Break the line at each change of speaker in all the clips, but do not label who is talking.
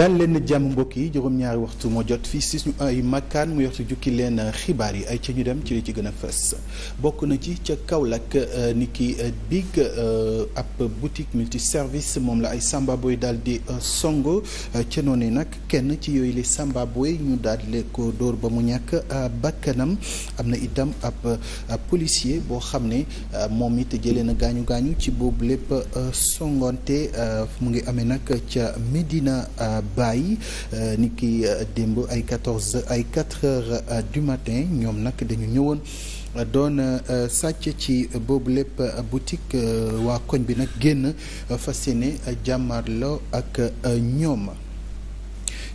daal leen jàmm mbokk yi juróom-ñaari waxtu moo jot fii si suñu ay makkaan mu yoxtu jukki leen xibaar yi ay ca ñu dem ci li ci gën a fës bokk na ci ca Kaolack euh, ni ki euh, big euh, ab boutique multiservice moom la ay Samba Boy daal di songo ca noonu nag kenn ci yooyu li Samba Boy ñu daal di ko dóor ba mu ñàkk bakkanam am na itam ab policier boo xam ne moom it jëlee na gaañu gaañu ci boobu lépp songonte mu ngi amee nag ca Medina. bàyyi euh, ni ki euh, démb ay quatorze ay quatre heures euh, du matin ñoom nag dañu ñëwoon doon sàcc ci boobu lépp boutique waa koñ bi nag génn fas yéene jàmmarloo ak ñoom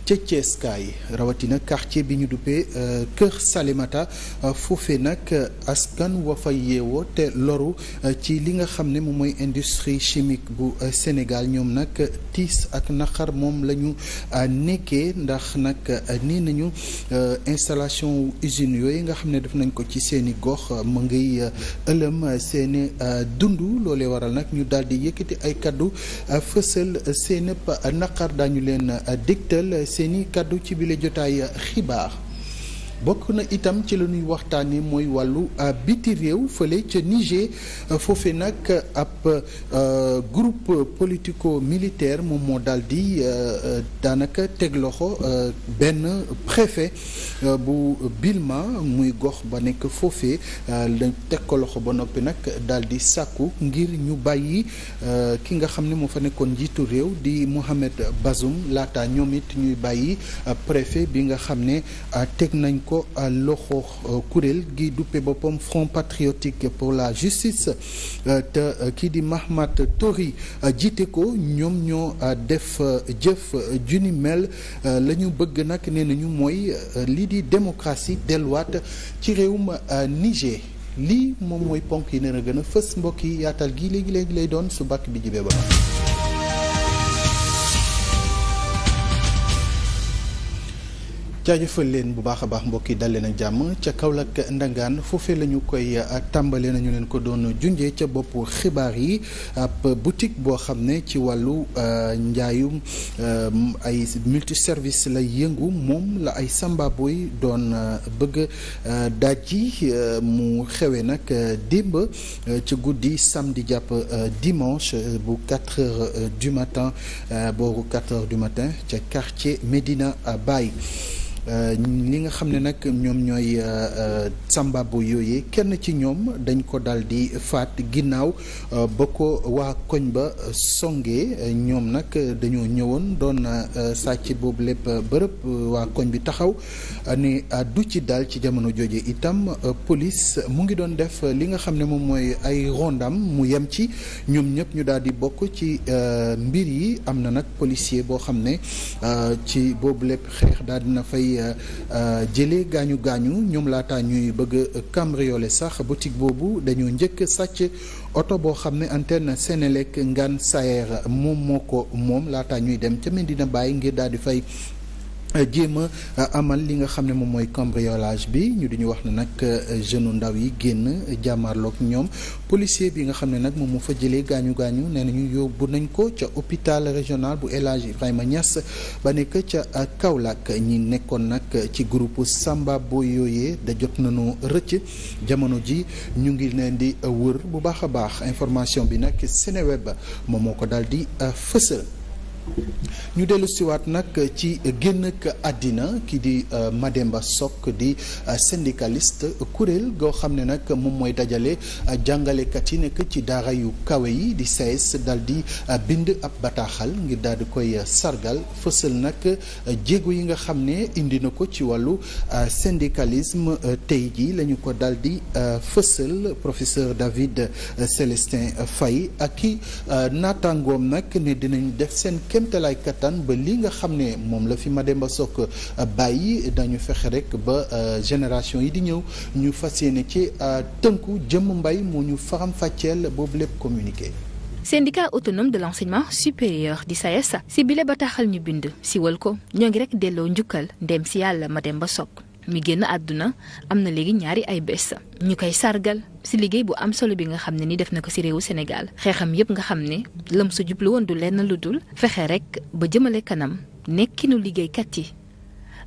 ca Thiès kaay rawatina quartier bi ñu duppee euh, Kër Salimata euh, foofee nag euh, askan wa fa yeewoo te loru ci li nga xam ne moom mooy industrie chimique bu Sénégal ñoom nag tiis ak naqar moom la ñu nekkee ndax nag ni nañu installation usines yooyu nga xam ne def nañ ko ci seeni gox mu ngiy ëlëm seeni dund loolee waral nag ñu daal di yëkkati ay kaddu fësal seen naqar daañu leen dégtal. seen i kàddu ci bile jotaay xibaar. bokk na itam ci lanuy waxtaan waxtaanee mooy wàllu euh, biti réew fële ca Niger euh, foofe nag ab euh, groupe politico militaire moom moo daal di daanaka teg loxo benn préfet bu Bilma muy gox ba nekk foofe la teg ko loxo ba noppi nag daal di sàkku ngir ñu bàyyi ki nga xam ne moo fa nekkoon njiitu réew di Mohamed Bazoum laata ñoom it ñuy bàyyi préfet bi nga xam ne teg nañ ko loxo euh, kuréel gi duppe boppam Front Patriotique pour la Justice euh, te euh, kii di Mahmat Tori jiite ko ñoom ñoo def jëf juni mel la bëgg nag nee nañu mooy lii di démocratie delluwaat ci réewum Niger lii moom mooy ponk yi nar a gën a fës mbokk yi yaatal gi léegi léegi lay doon su bàkk bi jibee ba jaajëfal leen bu baax a baax mbokk yi dal leen ak jàmm ca Kaolack ndangaan foofee la ñu koy uh, tàmbalee nañu leen ko doon junjee ca boppu xibaar yi ab boutique boo xam ne ci wàllu uh, njaayum um, ay service lay yëngu moom la ay sambaboy doon uh, bëgg daaj ji mu xewee nag démb ci guddi samedi jàpp dimanche bu 4 heures du matin boobu 4 heures du matin ca quartier Médina Baye Euh, li nga xam ne nag ñoom ñooy euh, euh, sambabo yooyee kenn ci ñoom dañ ko daal di faat ginnaaw ba ko waa koñ ba songee ñoom nag dañoo ñëwoon doon sàcc boobu lépp bërëb waa koñ bi taxaw ne du ci daal ci jamono jooje itam police mu ngi doon def li nga xam ne moom mooy ay rondam mu yem ci ñoom ñëpp ñu daal di bokk ci mbir yi am na nag policier boo xam ne ci boobu lépp xeex daal dina fay ci euh, euh, jëlee gaañu gaañu ñoom laata ñuy bëgg cambrioler sax boutique boobu dañoo njëkk sàcc oto boo xam ne antenne Sénélec ngaan Sayer moom moo ko moom laata ñuy dem ca dina bàyyi ngir daal di fay jéem a amal li nga xam ne moom mooy cambriolage bi ñu di ñu wax ne nag euh, jeune ndaw yi génn jàmmarloog ñoom policier bi nga xam ne nag moom moo fa jëlee gaañu gaañu ne nañu yóbbu nañ ko ca hôpital régional bu El Hadj Ibrahima Niass ba nekk ca euh, Kaolack ñi nekkoon nag ci groupe Samba Boy yooyee da jot nañu rëcc jamono ji ñu ngi leen di euh, wër bu baax a baax information bi nag Seneweb moom moo ko daal di fësal. ñu dellu siwaat nag ci génn àddina ki di euh, Mademba Sock di euh, syndicaliste kuréel goo xam ne nag moom mooy dajale euh, jàngalekat yi nekk ci daara yu kawe yi di SAES dal di bind ab bataaxal ngir daal di koy sargal fësal nag jéego yi nga xam ne indi na ko ci wàllu syndicalisme tey ji lañu ko dal di fësal professeur David Célestin fay ak i naataangoom nag ne dinañ def seen kéemtalaay kattan ba li nga xam ne moom la fi ma Mademba Sock euh, bàyyi dañu fexe rek ba euh, génération yi di ñëw ñu fas yéene ci euh, tënku jëm mbay moo ñu faram fàcceel boobu lépp communiqué.
syndicat autonome de l'enseignement supérieur di SAES e si bile bataaxal ñu bind siwal ko ñoo ngi rek delloo njukkal ndem si yàlla Mademba Sock mi génn àdduna am na léegi ñaari ay bés ñu koy sargal si liggéey bu am solo bi nga xam ne ni def na ko si réewu Sénégal xeexam yépp nga xam ne lam sa jublu du lenn lu dul fexe rek ba jëmale kanam nekkinu liggéeykat yi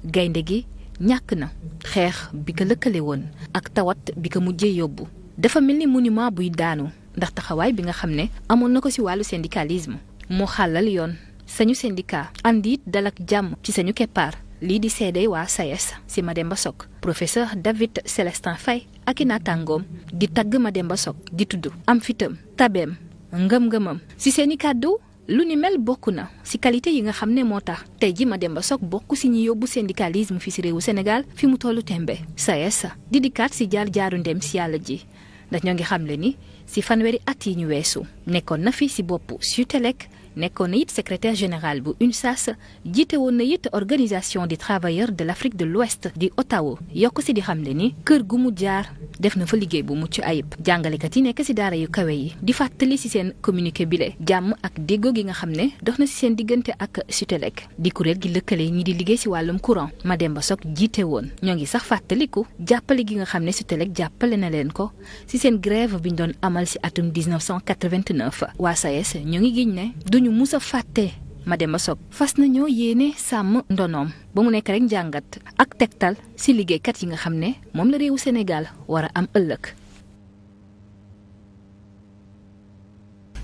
gaynde gi ñàkk na xeex bi ko lëkkale woon ak tawat bi ko mujjee yóbbu dafa mel ni monument buy daanu ndax taxawaay bi nga xam ne amoon na ko si wàllu syndicalisme moo xàllal yoon sañu syndicat ànd it dal ak jàmm ci sañu keppaar lii di seede waa SAES e si ma dem Mademba Sock professeur David Célestin Faye ak i naataangoom di tagg ma dem ba Sock di tudd am fitam tabeem ngëm-ngëmam si seen i kàddu lu ni mel bokk na si qualité yi nga xam ne moo tax tey ji ba Sock bokk si ñi yóbbu syndicalisme fi si réewu senegal fi mu tollu tembe SAES e di dikkaat si jaar jaaru ndem si yàlla ji ndax ñoo ngi xamle ni si fanweeri at yi ñu weesu nekkoon na fi si bopp SUTELEC nekkoon na it secrétaire général bu UNSAS jiite woon na it organisation des travailleurs de l' de l'Ouest di Ottawa yokk si di xam ne ni kër gu mu jaar def na fa liggéey bu mucc ayib jàngalekat yi nekk si daara yu kawe yi di fàttali si seen communiqué bile jàmm ak déggoo gi nga xam ne dox na si seen diggante ak Sutelec di kuréel gi lëkkale ñu di liggéey si wàllum courant Mademba Sock jiite woon ñoo ngi sax fàttaliku jàppale gi ng xam ne Sutelec jàppale na leen ko si seen grève bi ñu doon amal si atum 1989 waa SAES e ñoo ngi giñ musa mus a fàtte Mademba Sock fas nañoo yéene sàmm ndonoom ba mu nekk rek njàngat ak tegtal ci liggéeykat yi nga xam ne moom la réewu Sénégal war a am ëllëg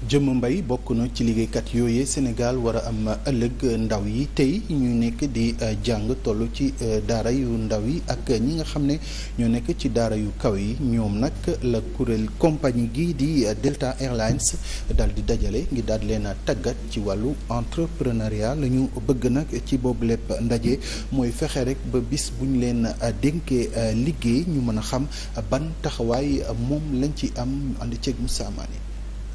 Jëmm mbay bokk na ci liggéeykat yooyee Sénégal war a am ëllëg ndaw yi tey ñu nekk di euh, jàng toll ci euh, daara yu ndaw yi ak ñi nga xam ne ñoo nekk ci daara yu kaw yi ñoom nag la kuréel compagnie gi di euh, Delta Airlines daal di dajale ngir daal leen a tàggat ci wàllu entrepreneuriat la ñu bëgg nag ci boobu lépp ndaje mooy fexe rek ba bis bu ñu leen dénkee liggéey ñu mën a xam ban taxawaay moom lañ ci am ànd ceeg Moussa Mané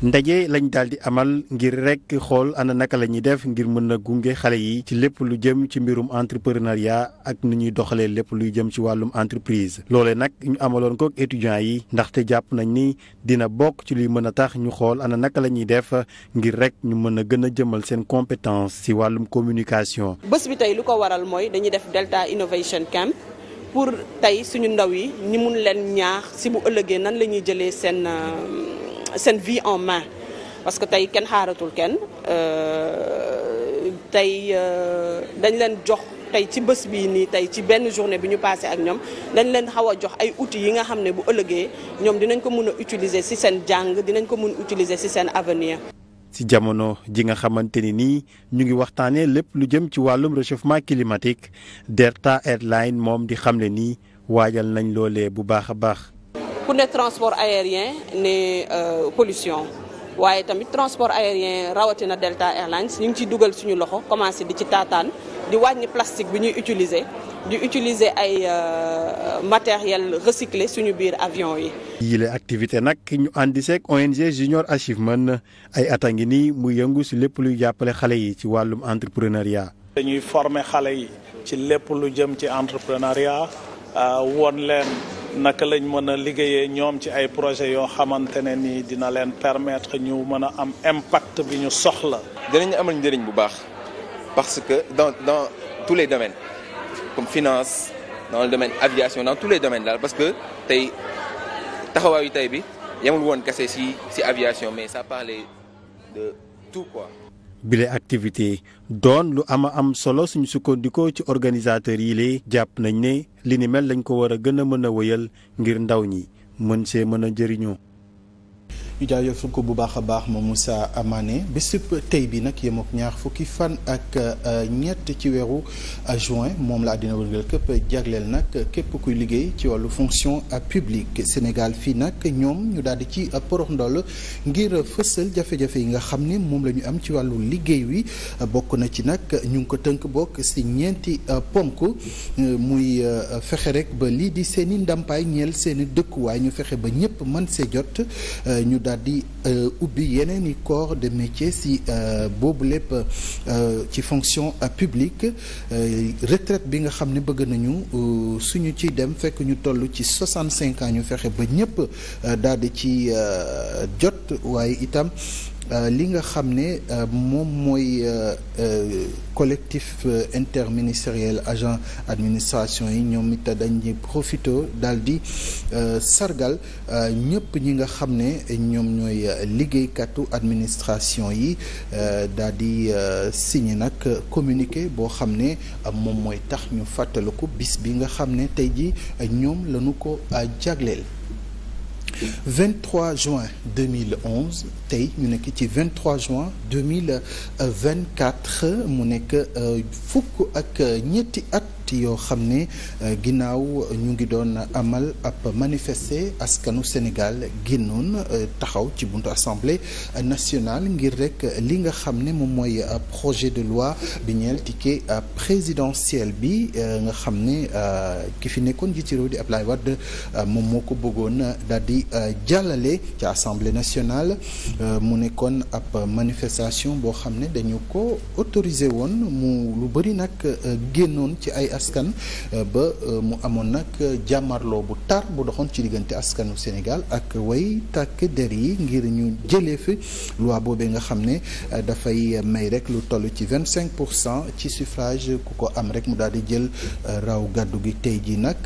ndaje lañ daal di amal ngir rek xool ana naka lañuy def ngir mën a gunge xale yi ci lépp lu jëm ci mbirum entrepreneuriat ak ni ñuy doxalee lépp luy jëm ci wàllum entreprise loole nag ñu amaloon ko étudiants yi ndaxte jàpp nañ ni dina bokk ci luy mën a tax ñu xool ana naka la ñuy def ngir rek ñu mën a gën a jëmal seen compétence ci wàllum communication.
bés bi tey lu ko waral mooy dañuy def Delta Innovation Camp pour tey suñu ndaw yi ñu mun leen ñaax si ëllëgee nan la jëlee seen. Euh, seen vie en main parce que tey kenn xaaratul kenn euh, tey euh, dañ leen jox tey ci bës bii nii tey ci benn journée bi ñu passé ak ñoom dañ leen xaw a jox ay outils yi nga xam ne bu ëllëgee ñoom dinañ ko mun a utiliser ci seen jàng dinañ ko mun utiliser ci seen avenir.
ci jamono ji nga xamante ni nii ñu ngi waxtaanee lépp lu jëm ci wàllum réchauffement climatique Delta Airlines moom di xamle ni waajal nañ loolee bu baax a baax.
ku ne transport aérien ne euh, pollution waaye tamit transport aérien rawatina Delta Airlines ñu ngi ciy dugal suñu loxo commencé di ci taataan di wàññi plastique bi ñuy utiliser di utiliser ay euh, matériel recyclé suñu biir avion yi.
yile activité nag ñu àndi seeg ONG Junior Achievement ay at a ngi nii muy yëngu si lépp luy jàppale xale yi ci wàllum entrepreneuriat.
dañuy former xale yi ci lépp lu jëm ci entrepreneuriat euh, woon leen. naka lañ mën a liggéeyee ñoom ci ay projet yoo xamante ne nii dina leen permettre ñu mën a am impact bi ñu soxla. dinañ amal njëriñ bu baax parce que dans dans tous les domaines comme finance dans le domaine aviation dans tous les
domaines daal parce que tey taxawaayu tey bi yamul woon kese si ci aviation
mais ça parlait de tout quoi.
bile activité doon lu ama am solo suñu sukkandikoo ci organisateurs yi lee jàpp nañ ne li ni mel lañ ko war a gën a mën a wëyal ngir ndaw ñi mën see mën a jëriñoo
ñu jaajëfal ko bu baax a baax moom Moussa Amane bésub tey bi nag yem ak ñaar fukki fan ak euh, ñett ci weeru euh, juin moom la àddina wërgal képp jagleel nag képp kuy liggéey ci wàllu fonction publique Sénégal fii nag ñoom ñu daal di ci porox ndoll ngir fësal jafe-jafe yi nga xam ne moom lañu am ci wàllu liggéey wi bokk na ci nag ñu ngi ko tënk bokk si ñeenti euh, ponk muy fexe rek ba lii di seeni i ndàmpaay ñeel seen i dëkkuwaay ñu fexe ba ñëpp mën see jot ñu daal di euh, ubbi yeneen i corps de métier si euh, boobu lépp euh, ci fonction publique retraite bi nga xam ne bëgg nañu suñu ci dem fekk ñu toll ci 65 ans ñu fexe ba ñëpp daal di ci jot waaye itam Euh, li nga xam ne euh, moom mooy euh, collectif interministériel agent administration yi ñoom it dañuy profité daal di sargal ñëpp ñi nga xam ne ñoom ñooy liggéeykatu administration yi daal di signé nag communiqué boo xam ne moom mooy tax ñu fàttaliku bis bi nga xam ne tey ji ñoom lañu ko jagleel 23 juin 2011 tey ñu nekk ci 23 juin 2024 mu nekk euh, fukk ak euh, ñetti at. yoo xam ne euh, ginnaaw ñu ngi doon amal ab manifester askanu Sénégal génnoon euh, taxaw ci buntu assemblée nationale ngir rek li nga xam ne moom mooy projet de loi bi ñeel ticket euh, présidentiel bi nga xam ne ki fi nekkoon ji réew di Abdoulaye Wade moom moo ko bëggoon daal di jàllale ci assemblée nationale mu nekkoon ab manifestation boo xam ne dañu ko autorisé woon mu lu bëri nag génnoon ci ay askan euh, ba euh, mu amoon nag euh, jàmmarloo bu tar bu doxoon ci diggante askanu Sénégal ak way tàkk der yi ngir ñu jëlee fi loi boobee nga xam ne dafay may rek lu toll ci vingt cinq cent ci suffrage ku ko am rek mu daal di jël raw gàddu gi tey ji nag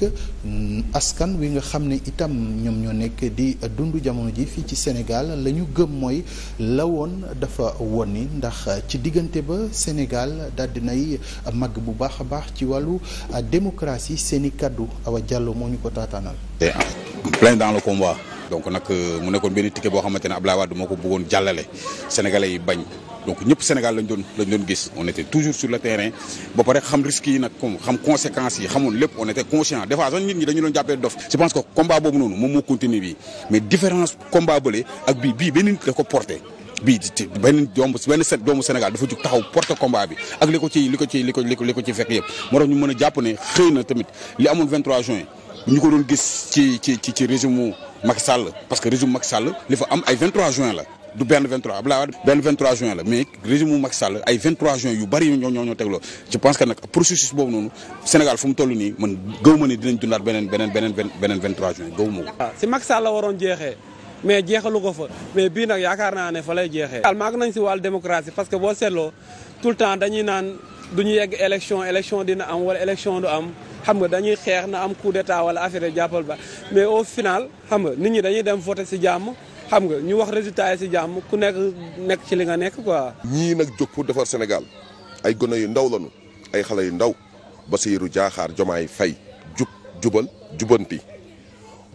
mm, askan wi nga xam ne itam ñoom ñoo nekk di dund jamono ji fii ci Sénégal lañu gëm mooy lawoon dafa won ni ndax ci diggante ba Sénégal daldi nay màgg bu baax a baax ci wàllu démocratie seeni kaddu Awa Diallo moo ñu ko taataanal.
en plein dans le combat. donc nag mu nekkoon benn ticket boo xamante ne Abdoulaye Wade moo ko bëggoon jàllale sénégalais yi bañ donc ñëpp Sénégal lañ doon lañ doon gis on était toujours sur le terrain ba pare xam risques yi nag comme xam conséquences yi xamoon lépp on était conscient des fois nit ñi dañu doon jàppee dof je pense que combat boobu noonu moom moo continuer bii mais différence combat bële ak bii bii benn nit ko porté bii di benn doomu Sénégal dafa jug taxaw porte combat bi ak li ko ci li ko ci ci fekk yëpp moo tax ñu mën a jàpp ne xëy na tamit li amoon 23 juin ñu ko doon gis ci ci ci ci régime parce que régime Macky Sall li fa am ay 23 juin la du benn 23 Abdoulaye Wade benn 23 juin la mais régime mu Macky Sall ay 23 juin yu bari ñoo ñoo ñoo tegloo je pense que nag processus boobu noonu Sénégal fu mu toll nii man gëw ma ne dundaat beneen beneen juin gëw
ah, si Macky Sall mais jeexalu ko fa mais bii nag yaakaar naa ne fa lay jeexee. daal màgg nañ si wàll démocratie parce que boo seetloo tout le temps dañuy naan du ñu yegg élection élection dina am wala élection du am xam nga dañuy xeex na am coup d'état wala affaire jàppal ba mais au final xam nga nit ñi dañuy dem voter si jàmm. xam nga ñu wax résultat yi si jàmm ku nekk nekk ci li nga nekk quoi.
ñii nag jóg pour defar Sénégal ay gone yu ndaw lañu ay xale yu ndaw Basirou Diakhar Diomaye Faye jub jubal jubanti.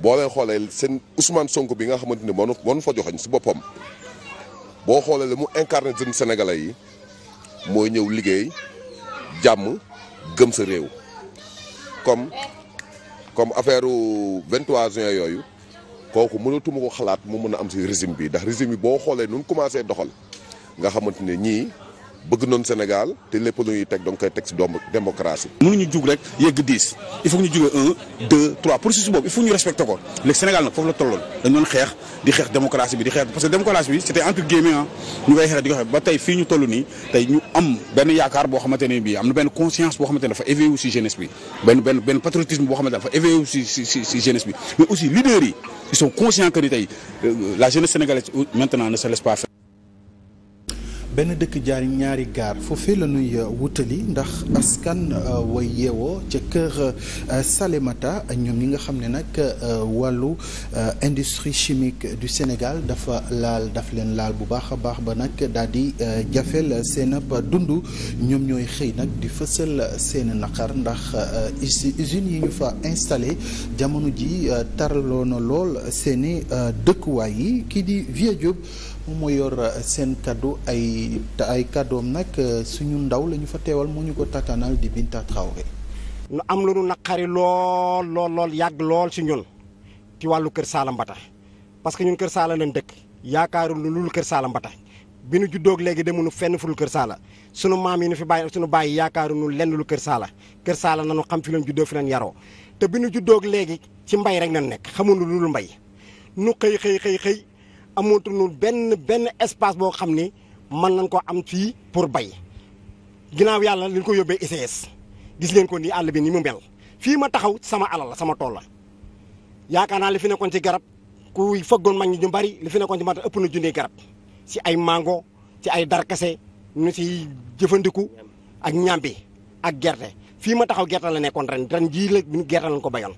boo leen xoolee seen Ousmane sonk bi nga xamante ni moom moom fa joxoñ si boppam boo xoolee li mu incarné jeune sénégalais yi mooy ñëw liggéey jàmm gëm sa réew comme comme affaire 23 juin yooyu kooku mënatuma ko xalaat mu mën a am si résime bi ndax régime bi boo xoolee nun commencé doxal nga xamante ne ñii bëgg noonu Sénégal te lépp lu ñuy teg da nga koy teg si démocratie. mënuñu jug rek yegg dix il faut ñu jugee un deux trois processus boobu il faut ñu respecté ko léegi Sénégal nag foofu la tolloon dañu doon xeex di xeex démocratie bi di xeex parce que démocratie bi c'était entre guillemets ah ñu koy xeex di ko xeex ba tey fii ñu toll nii tey ñu am benn yaakaar boo xamante ne bii am na benn conscience boo xamante ne dafa si jeunesse benn benn
benn dëkk jaar ñaari gaar foofee la ñuy euh, wutali ndax askan euh, way yeewoo ca kër euh, Salémata ñoom ñi nga xam ne nag wàllu industrie chimique du Sénégal dafa laal daf leen laal bu baax a baax ba nag daal di jafeel seen ab dund ñoom ñooy xëy nag di fësal seen naqar ndax usines yi ñu fa installé jamono ji taraloo na lool seeni dëkkuwaay yi kii di Vieux Diop moom moo yor euh, seen kaddu ay ay kaddoom nag euh, suñu ndaw la ñu fa teewal moo ñu ko tatanal di Binta Traoré. nu am lu nu naqari lool lool lool yàgg
lool ci ñun ci wàllu kër Saala Mbata parce que ñun kër Saala lañ dëkk yaakaarul lu lul kër Saala Mbata bi nu juddoog léegi demunu fenn ful kër Saala sunu maam yi nu fi bàyyi sunu bàyyi yaakaaru nu lenn lu kër Saala kër Saala nu xam fi lañ juddoo fi lañ yaroo te bi nu juddoog léegi ci mbay rek lañ nekk xamuñu lu lul mbay nu xëy xëy xëy. amatul benn benn espace boo xam ni mën nañ koo am fii pour bay ginnaaw yàlla li ñu ko yóbbee ICS gis ngeen ko nii àll bi ni mu mel fii ma taxaw sama alal la sama tool la yaakaar naa li fi nekkoon ci garab ku fëggoon mag ñi ñu bari li fi nekkoon ci mata ëpp na junni garab si ay mango ci ay darkase ñu si jëfandiku ak ñambi ak gerte fii ma taxaw gerte la nekkoon ren ren jii la gerte lañ ko bayoon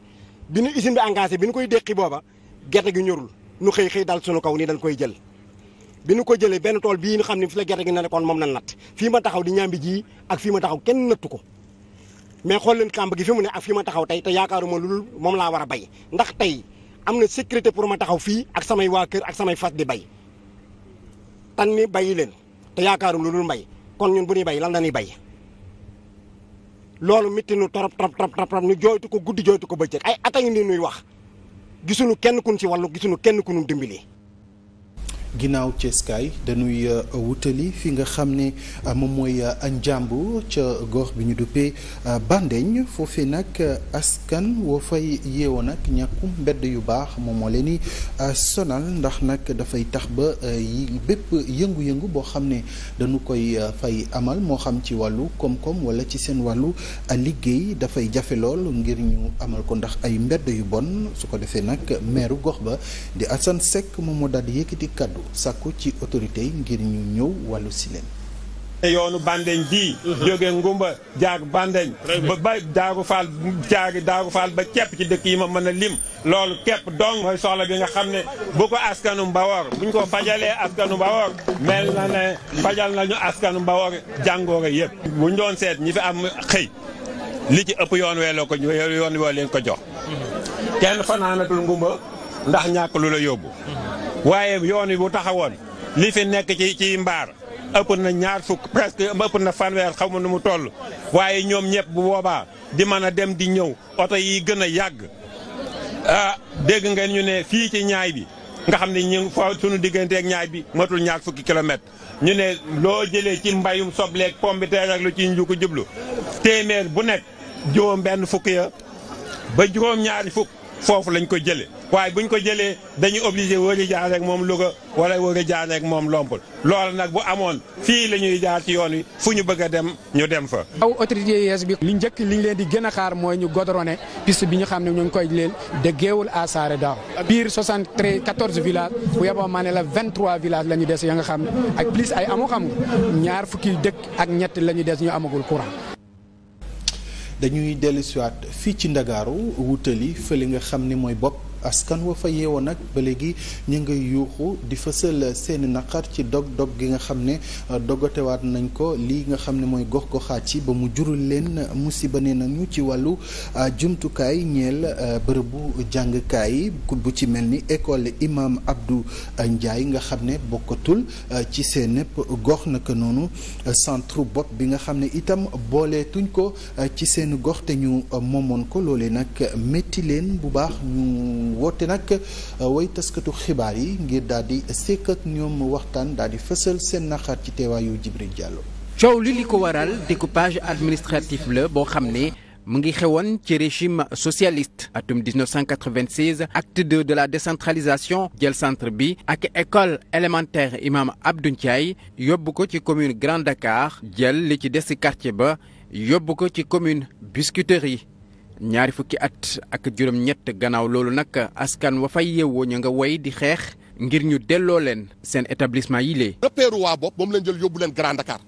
bi ñu usine bi engagé bi ñu koy déqi booba gerte gi ñorul nu xëy xëy dal suñu kaw ni dañ koy jël bi nu ko jëlee benn tool bii nga xam ne fi la gerte gi ne kon moom na natt fii ma taxaw di ñaambi ji ak fii ma taxaw kenn nattu ko mais xool leen kàmb gi fi mu ne ak fii ma taxaw tey te yaakaaru yaakaaruma lul moom laa war a bay ndax tey am na sécurité pour ma taxaw fii ak samay waa kër ak samay faj di bay tan ni bayi leen te lu lul mbay kon ñun bu ñuy bay lan la ñuy bay loolu métti nu torop trop trop trop ñu jooytu ko guddi jooytu ko bëccëg ay atay ni nuy wax gisuñu kenn kun ci wàllu gisuñu kenn ku ñu dimbali
ginnaaw Ceeskaay dañuy euh, wutali fi nga xam ne euh, moom mooy euh, njàmbu ca gox bi ñu duppee Bandeñ foofee nag askan woo fay yeewoo nag ñàkkum mbedd yu baax moom moo leen ni sonal ndax nag dafay tax ba bépp yëngu boo xam ne dañu koy fay amal moo xam ci wàllu koom-koom wala ci seen wàllu liggéey dafay jafe lool ngir ñu amal ko ndax ay mbedd yu bon su ko defee nag meeru gox ba di Assane Seck moom moo daal di yëkkati kàddu sàkku ci autorité yi ngir ñu ñëw wàllu si
yoonu bandeñ bii mhm. jóge ngumba jaag bandeñ ba ba jaagu faal jaagi daagu faal ba cepp ci dëkk yi ma mën a lim loolu képp dong mooy soxla bi nga xam ne bu ko askanu mbawoor buñ ko fajalee askanu mbawoor mel na ne fajal nañu askanu mbawoor jàngooro yëpp buñ doon seet ñi fi am xëy li ci ëpp yoon weeloo ko yoon woo leen ko jox
mhm.
kenn fanaanatul ngumba ndax ñàkk lu la yóbbu mhm. waaye yoon wi bu taxawoon li fi nekk ci ci mbaar ëpp na ñaar fukk presque ëpp na fanweer xaw ma nu mu toll waaye ñoom ñëpp bu boobaa di mën a dem di ñëw oto yi gën a yàgg ah, dégg nga ñu ne fii ci ñaay bi nga xam ne ñu fa sunu diggante ak ñaay bi matul ñaar fukki kilomètre ñu ne loo jëlee ci mbayum sobleeg pombiteer ak lu ci ñu ko jublu téeméer bu nekk juróom benn fukk ya ba juróom ñaari fukk foofu lañ ko jëlee waaye buñ ko jëlee dañuy obligé war a jaar moom Louga wala war a moom Lompul loolu nag bu amoon fii la ñuy jaar ci yoon wi fu ñu bëgg a dem ñu dem fa.
aw autorité yees bi. lu njëkk li leen di gën a xaar mooy ñu godrone piste bi ñu xam ne ñu ngi koy leen de Géoul à Saare Daaw biir 73 14 villages bu yeboo maa ne la 23 villages la ñu des ya nga xam
ne ak plus ay
amoo xam nga ñaar fukki dëkk ak ñett la ñu des ñu amagul courant.
dañuy dellusiwaat fii ci ndagaaru wutali fële xam ni mooy bopp askan wa fa yeewoo nag ba léegi ñu ngi yuuxu di fësal seeni naqar ci dog-dog gi nga xam ne euh, dogatewaat nañ ko lii nga xam ne mooy gox goxaat yi ba mu jurul leen musiba ne nañu ci wàllu euh, jumtukaay ñeel euh, bërëbu jàngkaay bu ci mel ni école imam Abdou Ndiaye nga xam ne bokkatul ci seen népp gox naka noonu centre bopp bi nga xam ne itam booleetuñ ko ci seeni gox te ñu moomoon ko loolee nag métti leen bu baax ñu. doon woote nag uh, way taskatu xibaar yi ngir daal di sekk ak ñoom waxtaan daal di fësal seen naxaar ci teewaayu Jibril Diallo.
coow li li ko waral découpage administratif la boo xam ne. mu ngi xewoon ci régime socialiste atum 1996 acte 2 de la décentralisation jël centre bi ak école élémentaire imam Abdou Ndiaye yóbbu ko ci commune grande Dakar jël li ci des quartier ba yóbbu ko ci commune Biscuiterie ñaari fukki at ak juróom-ñett gannaaw loolu nag askan wa fay yeewoo ñu nga woy di xeex ngir ñu delloo leen seen établissement yi lee. repéru waa bopp moom leen jël yóbbu leen Grand Dakar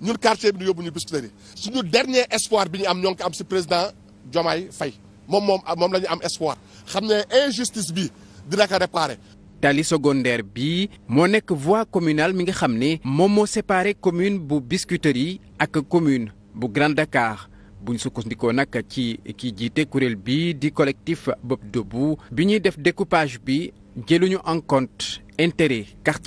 ñun quartier bi ñu yóbbu ñu Biscuiterie suñu
dernier espoir bi ñu am ñoo ngi am si président Diomaye Faye moom moom moom la am espoir
xam ne injustice bi dina ko réparer. tali secondaire bi moo nekk voie communal mi nga xam ne moom moo séparé commune bu Biscuiterie yi ak commune bu Grand Dakar. bu ñu sukkandikoo nag ci kii jiite kuréel bi di collectif Bopp bu bi ñuy def découpage bi jëluñu en compte intérêt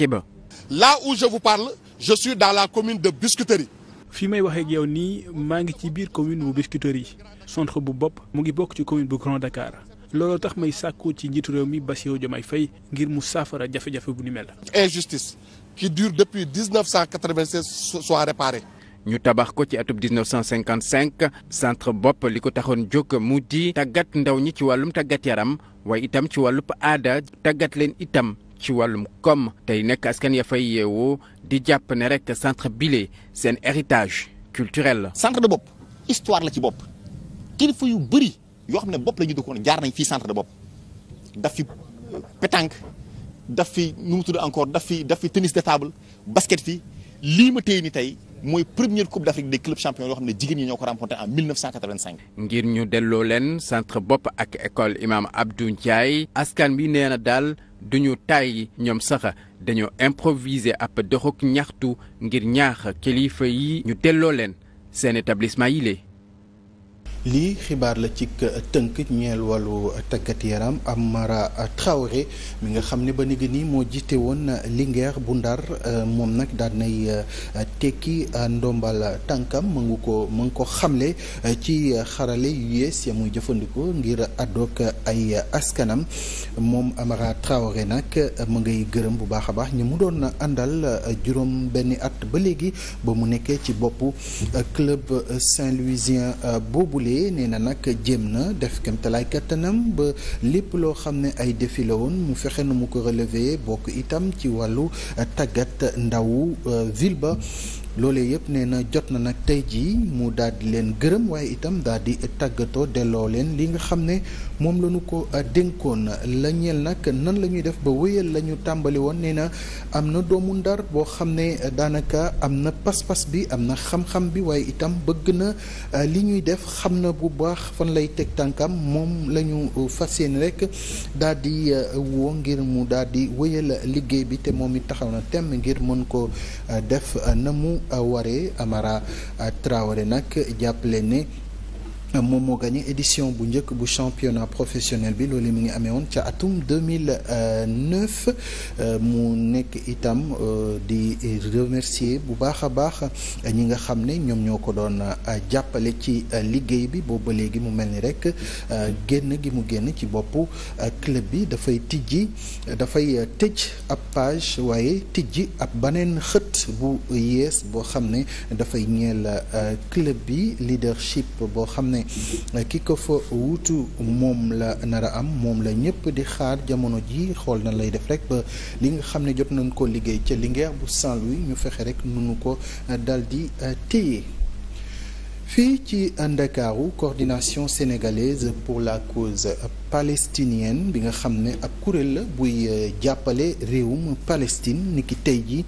ba.
là où je vous parle je suis dans la commune de Biscuiterie. fii may waxee ak nii maa ngi ci biir commune bu Biscuiterie centre bu bopp mu ngi bokk ci commune bu Grand Dakar. looloo tax may sàkku ci njiitu réew mi Bassirou Diomaye Faye ngir mu saafara jafe-jafe bu ni mel. injustice
qui dure depuis 1996 soit réparée. ñu tabax ko ci atub 1955 centre bopp li ko taxoon jóg mu di tàggat ndaw ñi ci wàllum tàggat yaram waaye itam ci wàllub aada tàggat leen itam ci wàllum koom tey nekk askan ya fay yeewoo di jàpp ne rek centre bile seen héritage culturel la. centre de bopp
histoire la ci bopp kilifa yu bëri yoo xam ne bopp la ñu dëkkoon jaar nañ fii centre de bopp daf fi pétanque daf fi nu mu tudd encore daf fi daf fi tennis de table basket fi lii ma téye ni tey. mooy première coupe d' Afrique des clubs champions yoo xam ne jigéen ñi ñoo ko remporté en
ngir ñu delloo leen centre bopp ak école imaam Abdou Ndiaye askan bi nee na daal duñu tàyyi ñoom sax dañoo improviser ab doxuk ñaxtu ngir ñaax kilifa yi ñu delloo leen seen établissement
yi lii xibaar la ci tënk ñeel wàllu tàggat yaram Amara Traoré mi nga xam ne ba léegi nii moo jiite woon Linguère bu Ndar euh, moom nag daanay euh, tekki euh, ndombal tànkam mu ngi ko mu ngi ko xamle ci xarale yu yees ya muy jëfandikoo ngir àddoog ay askanam moom Amara Traoré nag mu ngay gërëm bu baax a baax ñu mu doon àndal juróom benn at ba léegi ba mu nekkee ci boppu club Saint-Louisien boobule. nee na nag jéem na def kéemtalaay kattanam ba lépp loo xam ne ay défi mu fexe na mu ko relever bokk itam ci wàllu tàggat ndawu euh, ville ba loole yëpp nee na jot na nag tey jii mu daal di leen gërëm waaye itam daal di tàggatoo delloo leen li nga xam ne moom la ñu ko euh, dénkoon la ñeel nag nan la ñuy def ba wéyal lañu tàmbali woon nee na am na doomu ndar boo xam ne euh, daanaka am na pas-pas bi am na xam-xam bi waaye itam bëgg na euh, li ñuy def xam na bu baax fan lay teg tànkam moom la ñu fas yéene rek daal di woo ngir mu daal di wéyal liggéey bi te moom it taxaw na temm ngir mën ko def na mu a waree Amara Traoré nag jàppale ne moom moo gagné édition bu njëkk bu championnat professionnel bi loolu mi ngi amee woon ca atum 2009 euh, mu nekk itam euh, di remercier bu baax a baax ñi nga xam ne ñoom ñoo ko doon euh, jàppale ci liggéey bi boobu ba léegi mu mel ni rek génn gi mu génn ci boppu club bi dafay tijji dafay tëj ab page waaye tijji ab baneen xët bu yees boo xam ne dafay ñeel club bi leadership boo xam ne ne ki ko fa wutu moom la nar am moom la ñëpp di xaar jamono ji xool na lay def rek ba li nga xam ne jot nañ ko liggéey ca Linguère bu Saint-Louis ñu fexe rek nunu ko euh, dal di euh, téye fii ci Ndakaaru coordination sénégalaise pour la cause palestinienne bi nga xam ne ab kuréel la buy euh, jàppale réewum Palestine ni ki tey ji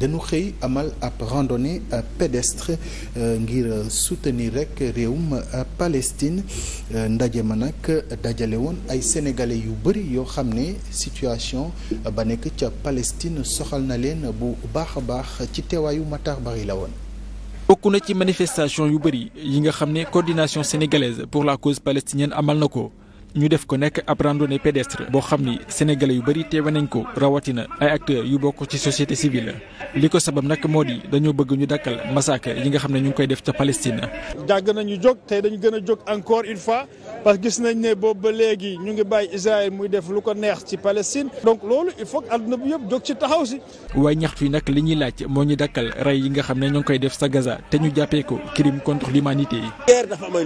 dañu xëy amal ab randonnée euh, pédestre euh, ngir soutenir rek réewum Palestine ndaje ma nag dajale woon ay sénégalais yu bëri yoo xam ne situation ba nekk ca Palestine soxal na leen bu baax a baax ci teewaayu Matar Bari la woon
bokk na ci manifestation yu bëri yi nga xam ne coordination sénégalaise pour la cause palestinienne amal na ko ñu def ko nekk ab randonnée pédestre boo xam ni sénégalais yu bëri teewe nañ ko rawatina ay acteurs yu bokk ci société civile li ko sabab nag moo dañoo bëgg ñu dakkal massacre yi nga xam ne ñu ngi koy def ca Palestine. jàgg nañu jóg tey dañu gën a jóg encore une fois parce que gis nañ ne boobu ba léegi ñu ngi bàyyi Israël muy def lu ko neex ci Palestine donc loolu il faut que àdduna bi yëpp jóg ci taxaw si. waaye ñaxtu yi nag li ñuy laaj moo ñu dakkal rey yi nga xam ne ñoo ngi koy def sa Gaza te ñu jàppee ko crime contre l'humanité yi.
guerre dafa am ay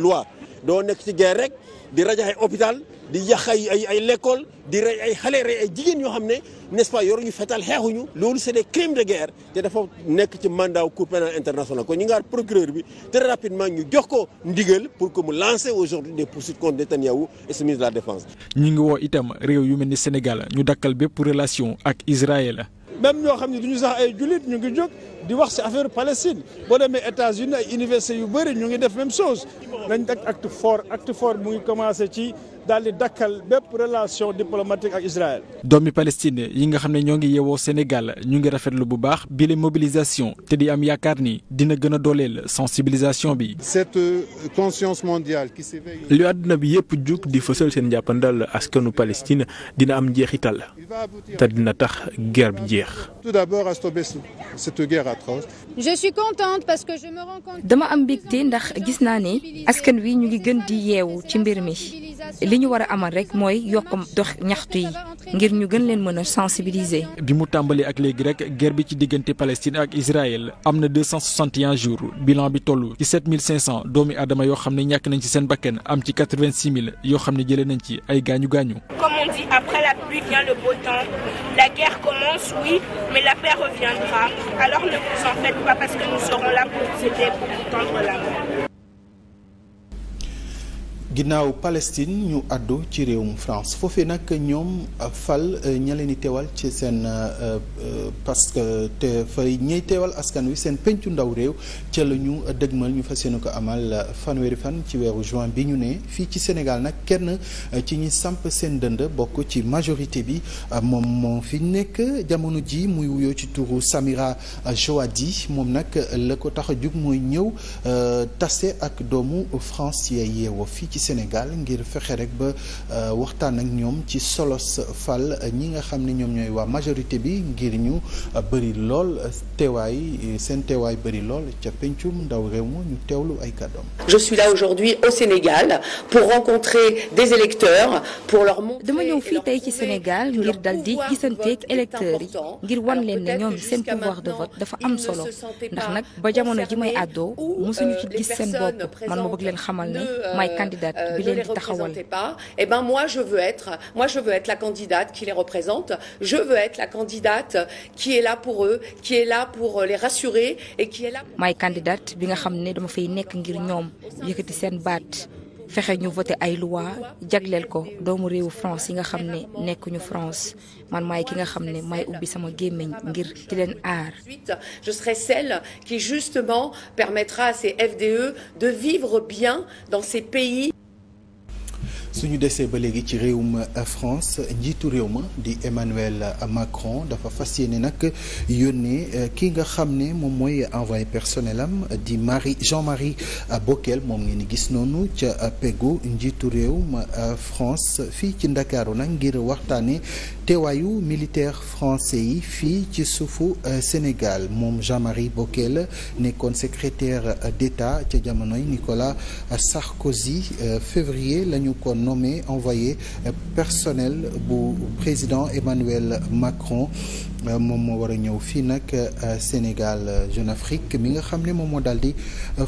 doo nekk ci guerre rek di rajax ay hôpital di yàq ay ay lekkool di rey ay xale rey ay jigéen yoo xam ne n'est-ce pas fetal xeexuñu loolu c'est des crimes de guerre te dafa nekk ci mandat wu cour pénale internationale kon ñu ngi aar procureur bi très rapidement ñu jox ko ndigal pour que mu lancer aujourd'hui des poursuites contre Netanyahou et ce ministre de la défense.
ñu ngi woo itam réew yu mel ni Sénégal ñu dakkal bépp relation ak Israël. même ñoo xam ne duñu sax ay jullit ñu ngi jóg. di wax si affaire Palestine boo demee États-Unis ay université yu bëri ñu ngi def même chose nañ teg acte fort acte fort mu ngi commencé ci daal di dakkal bépp relation diplomatique ak doom doomi Palestine yi nga xam ne ñoo ngi yewoo Sénégal ñu ngi rafetlu bu baax bile mobilisation te di am yaakaar ni dina gën a dooleel sensibilisation bi. cette
euh, conscience mondiale qui s'éveille.
lu àdduna bi yëpp jug di fësal seen jàppandal askanu Palestine dina am njeexital te dina tax guerre bi jeex.
tout d'abord à approche.
que dama am mbégte ndax gis naa ni askan wi ñu ngi gën di yeewu ci mbir mi li ñu war a amal rek mooy yokk dox ñaxtu yi ngir ñu gën leen mën a sensibiliser.
bi mu tàmbali ak léegi rek guerre bi ci diggante Palestine ak Israël am na 261 jours bilan bi toll ci 7500 doomi aadama yoo xam ne ñàkk nañ ci seen bakkan am ci 86000 yoo xam ne jëlee nañ ci ay gaañu gaañu.
s'en faites pas parce que nous serons là pour vous aider, pour vous tendre la main.
ginnaaw Palestine ñu àddu ci réewum France foofee nag ñoom fal euh, ña leen di teewal ci seen euh, euh, parce que te fay ñay teewal askan wi seen pencu ndaw réew ca la ñu dëgmal ñu fa yéene ko amal fanweeri fan ci weeru juin bi ñu ne fii ci Sénégal nag kenn ci ñi samp seen dënd bokk ci majorité bi moom moo fi nekk jamono ji muy wuyoo ci turu Samira Joadi moom nag la ko tax a jug mooy ñëw tase ak doomu France yay yeewoo fii ci Sénégal ngir fexe rek ba euh, waxtaan ak ñoom ci solos fal ñi nga xam ne ñoom ñooy waa majorité bi ngir ñu euh, bëri lool euh, teewaay seen teewaay bëri lool ca pencum ndaw réew mu ñu teewlu ay kàddoom.
Je suis là aujourd'hui au Sénégal pour rencontrer des électeurs pour leur montrer ci Sénégal ngir dal di gisanteeg électeurs yi ngir wan leen ne ñoom seen pouvoir de vote dafa am solo ndax nag ba jamono ji may àddoo mosuñu ci gis seen bopp man ma bëgg leen xamal ne may candidat candidate bi leen di taxawal pas et eh ben moi je veux être moi je veux la candidate qui les représente je veux être la candidate qui est là pour eux qui est là pour les rassurer et qui est là. maay candidate bi nga xam ne dama fay nekk ngir ñoom yëkkati seen baat. fexe ñu voté ay loi jagleel ko doomu réewu France yi nga xam ne nekkuñu France man maay ki nga xam ne may ubbi sama gémmiñ ngir ci leen aar. je serai celle qui justement permettra à ces FDE de vivre bien dans ces pays.
su ñu desee ba léegi ci réewum euh, France njiitu réew ma di Emmanuel Macron dafa fas yéene nag yónnee euh, ki nga xam ne moom mooy envoyé personnel am di Marie Jean-Marie Bockel moom ngeen di gis noonu ca peggu njiitu réew réewum euh, France fii ci Ndakaaru nag ngir waxtaanee. teewaayu militaire français yi fii ci suufu euh, Sénégal moom Jean-Marie Bockel nekkoon secrétaire euh, d'État ca jamonoy Nicolas euh, Sarkozy février la ñu ko nommé envoyé personnel bu président Emmanuel Macron moom moo war a ñëw fii nag Sénégal Jeune Afrique mi nga xam ne moom moo daal di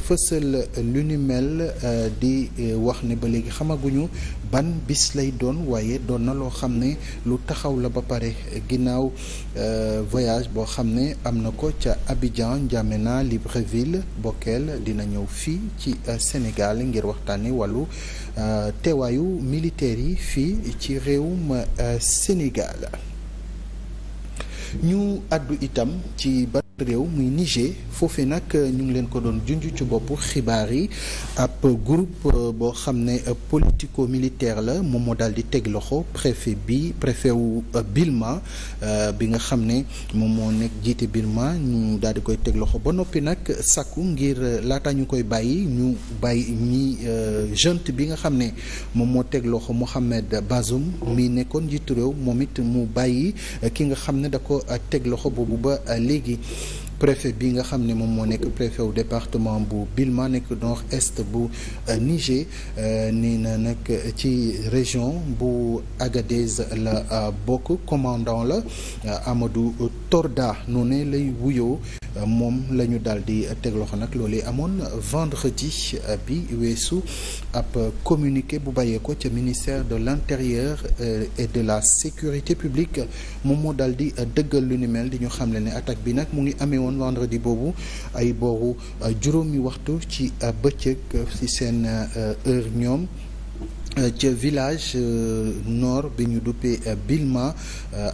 fësal lu ni mel di wax ne ba léegi xamaguñu ban bis lay doon waaye doon na loo xam ne lu taxaw la ba pare ginnaaw euh, voyage boo xam ne am na ko ca Abidjan N'Djamena Libreville Bokel dina ñëw fii ci euh, senegal ngir waxtaane wàllu euh, teewaayu militaires yi fii ci réewum Sénégal ñu àddu itam ci réew muy Niger foofee nag euh, ñu ngi leen ko doon junj ci bopp xibaar yi ab groupe euh, boo xam ne euh, politico militaire la moom moo daal di teg loxo préfet bi préfet wu Bilma bi nga xam ne moom moo nekk jiite Bilma ñu daal di koy teg loxo ba noppi nag sàkku ngir laata ñu koy bàyyi ñu bàyyi ñi junte bi nga xam ne moom moo teg loxo Mohamed Bazoum mi nekkoon jiitu réew moom it mu bàyyi ki nga xam ne da ko teg loxo boobu ba léegi. préfet bi nga xam ne moom moo nekk préfet wu département bu Bilma nekk nord est bu euh, Niger euh, nii na nag ci région bu Agadez la euh, bokk commandant la Amadou Torda noonu lay wuyoo moom la ñu daal di teg loxo nag loolee amoon vendredi euh, bi weesu ab communiqué bu bàyyee ko ca ministère de l'intérieur euh, et de la sécurité publique moom moo daal di euh, dëggal lu ni mel di ñu xamle ne attaque bi nag mu ngi amee woon vendredi boobu ay booru juróomi waxtu ci bëccëg ci seen heure ñoom. Euh, ca village euh, nord bi ñu duppee euh, Bilma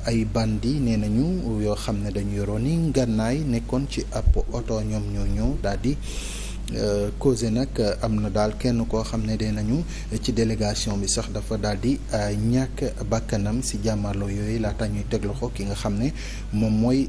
ay bandi nee nañu yoo xam ne dañu yoroon ni ngànnaay nekkoon ci ab oto ñoom ñoo ñëw daal Euh, causé nag euh, am na daal kenn koo xam ne dee nañu ci délégation bi sax dafa daal di euh, ñàkk bakkanam si jàmmarloo yooyu laata ñuy teg loxo ki nga xam ne moom mooy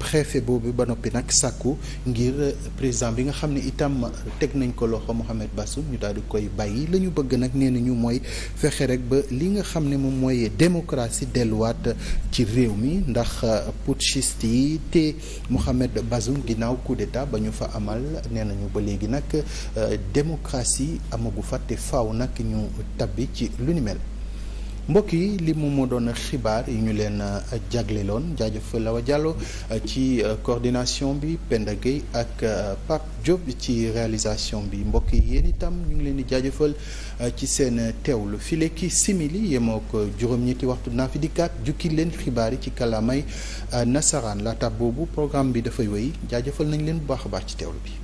préfet boobu ba noppi nag sàkku ngir président bi nga xam ne itam teg nañ ko loxo Mohamed Bassou ñu daal di koy bàyyi la ñu bëgg nag nee nañu mooy fexe rek ba li nga xam ne moom mooy démocratie delluwaat ci réew mi ndax putschiste yi te Mohamed Bazoum ginnaaw coup d'état ba ñu fa amal nee nañu ba léegi nag euh, démocratie amagu fa faw nag ñu tabbi ci lu ni mel. mbokk yi li mu moo doon xibaar yi ñu leen euh, jagleloon jaajëf Lawa Diallo euh, ci coordination bi Penda Gueye ak Pape Diop ci réalisation bi mbokk yi yéen itam ñu ngi leen di jaajëfal ci seen teewlu file ki simili yemoo ko juróom-ñetti waxtu naa fi dikkaat jukki leen xibaar yi ci kàllaamay nasaraan laata boobu programme bi dafay wéy jaajëfal nañ leen bu baax a baax ci teewlu bi.